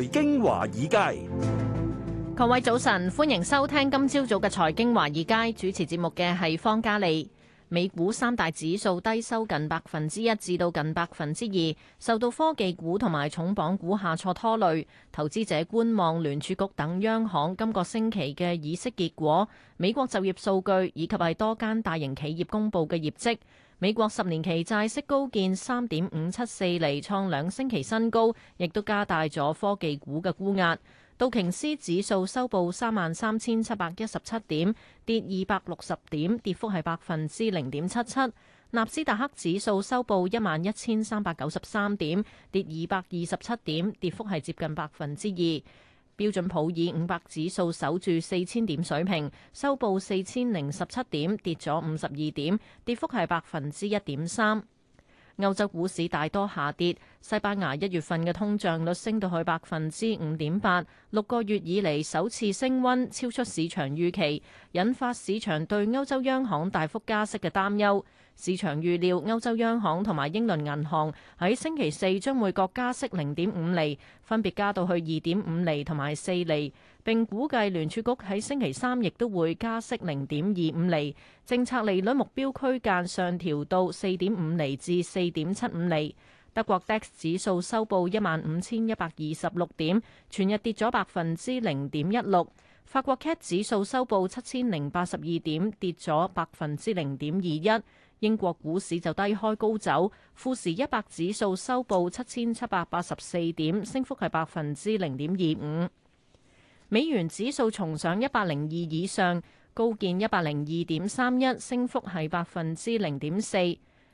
財經華爾街，各位早晨，歡迎收聽今朝早嘅財經華爾街主持節目嘅係方嘉利，美股三大指數低收近百分之一至到近百分之二，受到科技股同埋重磅股下挫拖累。投資者觀望聯儲局等央行今個星期嘅議息結果、美國就業數據以及係多間大型企業公布嘅業績。美國十年期債息高見三點五七四厘，創兩星期新高，亦都加大咗科技股嘅沽壓。道瓊斯指數收報三萬三千七百一十七點，跌二百六十點，跌幅係百分之零點七七。納斯達克指數收報一萬一千三百九十三點，跌二百二十七點，跌幅係接近百分之二。標準普爾五百指數守住四千點水平，收報四千零十七點，跌咗五十二點，跌幅係百分之一點三。歐洲股市大多下跌，西班牙一月份嘅通脹率升到去百分之五點八，六個月以嚟，首次升溫，超出市場預期，引發市場對歐洲央行大幅加息嘅擔憂。市場預料歐洲央行同埋英倫銀行喺星期四將會各加息零點五厘，分別加到去二點五厘同埋四厘。並估計聯儲局喺星期三亦都會加息零點二五厘。政策利率目標區間上調到四點五厘至四點七五厘。德國 DAX 指數收報一萬五千一百二十六點，全日跌咗百分之零點一六。法國 CAC 指數收報七千零八十二點，跌咗百分之零點二一。英國股市就低開高走，富時一百指數收報七千七百八十四點，升幅係百分之零點二五。美元指數重上一百零二以上，高見一百零二點三一，升幅係百分之零點四。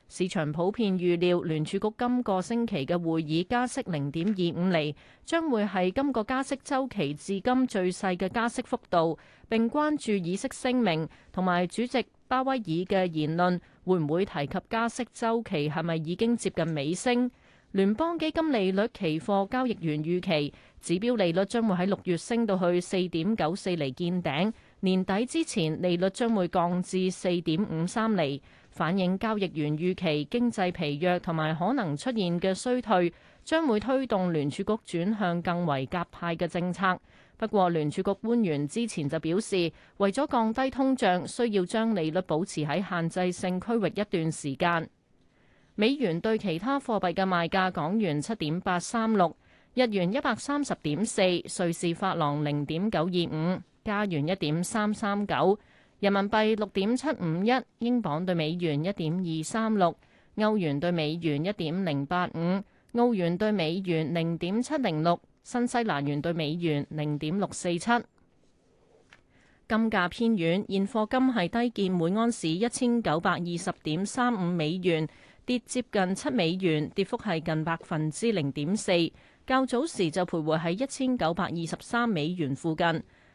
市場普遍預料聯儲局今個星期嘅會議加息零點二五厘，將會係今個加息週期至今最細嘅加息幅度，並關注議息聲明同埋主席鮑威爾嘅言論。會唔會提及加息周期係咪已經接近尾聲？聯邦基金利率期貨交易員預期指標利率將會喺六月升到去四點九四厘見頂，年底之前利率將會降至四點五三厘。反映交易員預期經濟疲弱同埋可能出現嘅衰退，將會推動聯儲局轉向更為鴿派嘅政策。不過，聯儲局官員之前就表示，為咗降低通脹，需要將利率保持喺限制性區域一段時間。美元對其他貨幣嘅賣價：港元七點八三六，日元一百三十點四，瑞士法郎零點九二五，加元一點三三九，人民幣六點七五一，英鎊對美元一點二三六，歐元對美元一點零八五，澳元對美元零點七零六。新西蘭元對美元零點六四七，金價偏軟，現貨金係低見每盎司一千九百二十點三五美元，跌接近七美元，跌幅係近百分之零點四。較早時就徘徊喺一千九百二十三美元附近。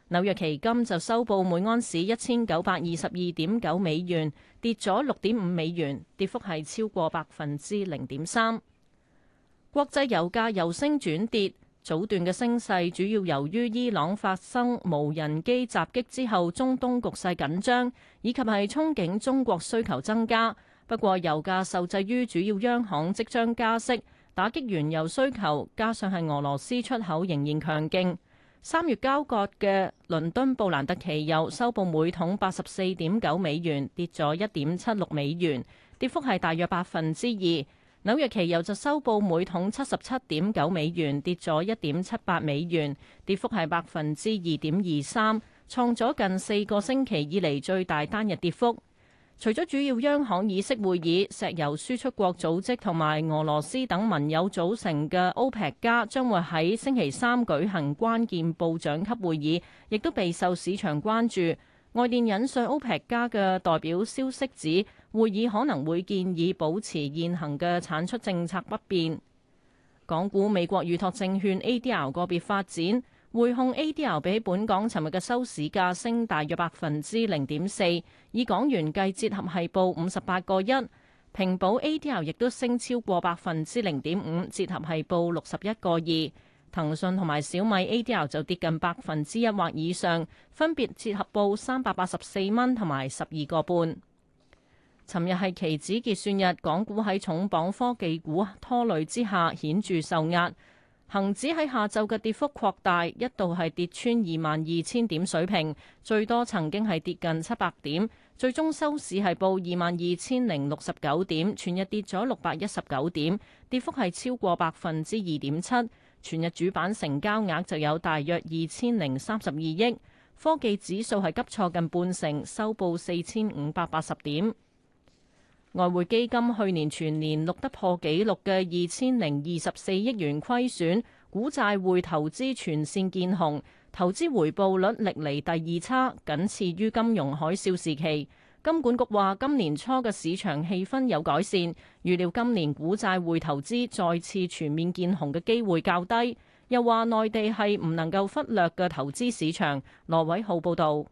紐約期金就收報每盎司一千九百二十二點九美元，跌咗六點五美元，跌幅係超過百分之零點三。國際油價由升轉跌。早段嘅升勢主要由於伊朗發生無人機襲擊之後中東局勢緊張以及係憧憬中國需求增加。不過油價受制於主要央行即將加息，打擊原油需求，加上係俄羅斯出口仍然強勁，三月交割嘅倫敦布蘭特期油收報每桶八十四點九美元，跌咗一點七六美元，跌幅係大約百分之二。紐約期油就收報每桶七十七點九美元，跌咗一點七八美元，跌幅係百分之二點二三，創咗近四個星期以嚟最大單日跌幅。除咗主要央行議息會議，石油輸出國組織同埋俄羅斯等盟友組成嘅 OPEC 加將會喺星期三舉行關鍵部長級會議，亦都備受市場關注。外電引述歐佩克加嘅代表消息指，會議可能會建議保持現行嘅產出政策不變。港股美國預託證券 ADR 個別發展，匯控 ADR 比起本港尋日嘅收市價升大約百分之零點四，以港元計係，折合係報五十八個一；平保 ADR 亦都升超過百分之零點五，折合係報六十一個二。騰訊同埋小米 ADR 就跌近百分之一或以上，分別折合報三百八十四蚊同埋十二個半。尋日係期指結算日，港股喺重磅科技股拖累之下顯著受壓，恒指喺下晝嘅跌幅擴大，一度係跌穿二萬二千點水平，最多曾經係跌近七百點，最終收市係報二萬二千零六十九點，全日跌咗六百一十九點，跌幅係超過百分之二點七。全日主板成交額就有大約二千零三十二億，科技指數係急挫近半成，收報四千五百八十點。外匯基金去年全年錄得破紀錄嘅二千零二十四億元虧損，股債匯投資全線見紅，投資回報率歷嚟第二差，僅次於金融海嘯時期。金管局話今年初嘅市場氣氛有改善，預料今年股債匯投資再次全面見紅嘅機會較低。又話內地係唔能夠忽略嘅投資市場，羅偉浩報道。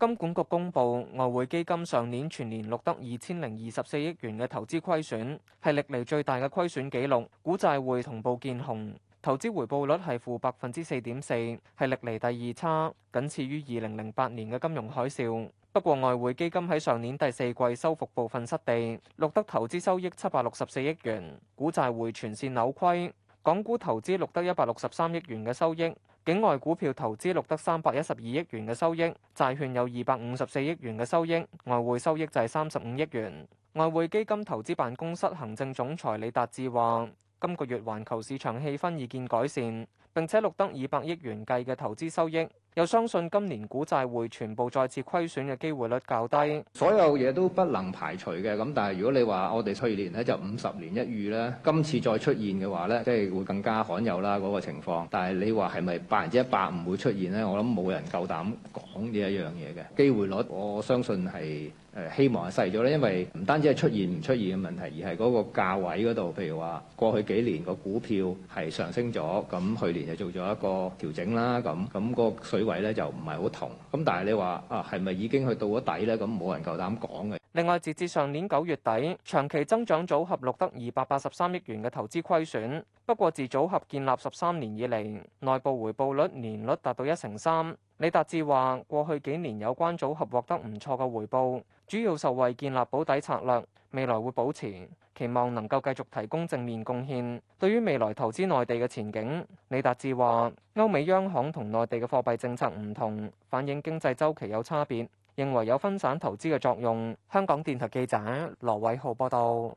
金管局公布外匯基金上年全年錄得二千零二十四億元嘅投資虧損，係歷嚟最大嘅虧損紀錄，股債匯同步見紅，投資回報率係負百分之四點四，係歷嚟第二差，僅次於二零零八年嘅金融海嘯。不過，外匯基金喺上年第四季收復部分失地，錄得投資收益七百六十四億元；股債匯全線扭虧，港股投資錄得一百六十三億元嘅收益，境外股票投資錄得三百一十二億元嘅收益，債券有二百五十四億元嘅收益，外匯收益就係三十五億元。外匯基金投資辦公室行政總裁李達志話：今個月環球市場氣氛已見改善，並且錄得二百億元計嘅投資收益。又相信今年股債會全部再次虧損嘅機會率較低。所有嘢都不能排除嘅，咁但係如果你話我哋去年咧就五十年一遇啦，今次再出現嘅話咧，即係會更加罕有啦嗰個情況。但係你話係咪百分之一百唔會出現咧？我諗冇人夠膽講呢一樣嘢嘅機會率。我相信係。誒希望係細咗咧，因為唔單止係出現唔出現嘅問題，而係嗰個價位嗰度，譬如話過去幾年個股票係上升咗，咁去年就做咗一個調整啦，咁咁個水位咧就唔係好同，咁但係你話啊係咪已經去到咗底咧？咁冇人夠膽講嘅。另外，截至上年九月底，長期增長組合錄得二百八十三億元嘅投資虧損。不過，自組合建立十三年以嚟，內部回報率年率達到一成三。李達志話：過去幾年有關組合獲得唔錯嘅回報，主要受惠建立保底策略，未來會保持，期望能夠繼續提供正面貢獻。對於未來投資內地嘅前景，李達志話：歐美央行同內地嘅貨幣政策唔同，反映經濟周期有差別，認為有分散投資嘅作用。香港電台記者羅偉浩報道。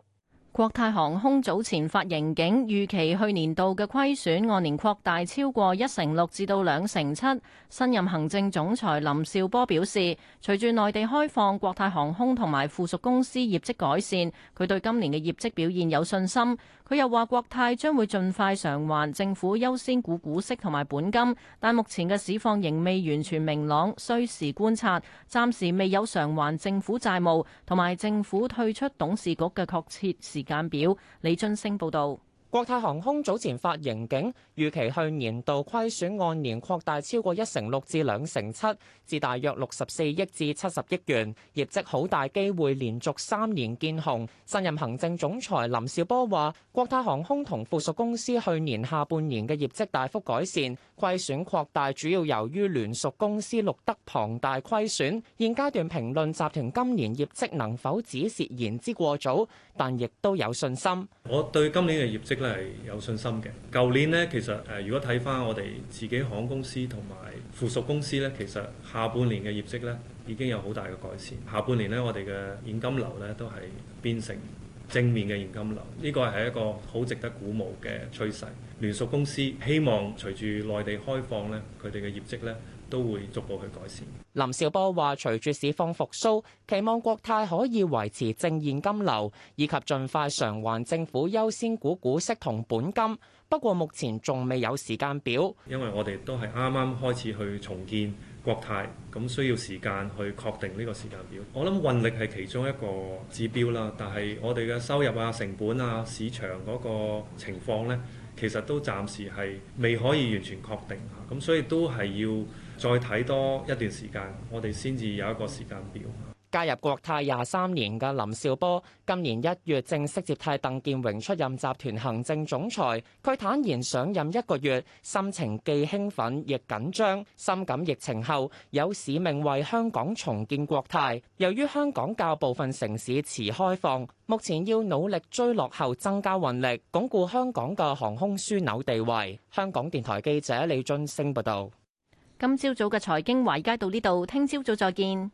國泰航空早前發盈警，預期去年度嘅虧損按年擴大超過一成六至到兩成七。新任行政總裁林紹波表示，隨住內地開放，國泰航空同埋附屬公司業績改善，佢對今年嘅業績表現有信心。佢又話，國泰將會盡快償還政府優先股股息同埋本金，但目前嘅市況仍未完全明朗，需時觀察。暫時未有償還政府債務同埋政府退出董事局嘅確切時時間表，李俊升報導。國泰航空早前發盈警，預期去年度虧損按年擴大超過一成六至兩成七，至大約六十四億至七十億元。業績好大機會連續三年見紅。新任行政總裁林紹波話，國泰航空同附屬公司去年下半年嘅業績大幅改善，虧損擴大主要由於聯屬公司錄得龐大虧損。現階段評論集團今年業績能否止蝕言之過早，但亦都有信心。我對今年嘅業績。都係有信心嘅。舊年呢，其實誒、呃，如果睇翻我哋自己行公司同埋附屬公司呢，其實下半年嘅業績呢，已經有好大嘅改善。下半年呢，我哋嘅現金流呢，都係變成正面嘅現金流，呢個係一個好值得鼓舞嘅趨勢。聯屬公司希望隨住內地開放呢，佢哋嘅業績呢。都會逐步去改善。林兆波話，隨住市況復甦，期望國泰可以維持正現金流，以及盡快償還政府優先股股息同本金。不過目前仲未有時間表，因為我哋都係啱啱開始去重建國泰，咁需要時間去確定呢個時間表。我諗運力係其中一個指標啦，但係我哋嘅收入啊、成本啊、市場嗰個情況呢，其實都暫時係未可以完全確定嚇，咁所以都係要。再睇多一段時間，我哋先至有一個時間表。加入國泰廿三年嘅林少波，今年一月正式接替鄧健榮出任集團行政總裁。佢坦言上任一個月，心情既興奮亦緊張，深感疫情後有使命為香港重建國泰。由於香港較部分城市遲開放，目前要努力追落後，增加運力，鞏固香港嘅航空樞紐地位。香港電台記者李俊星報導。今朝早嘅財經華爾街到呢度，聽朝早再見。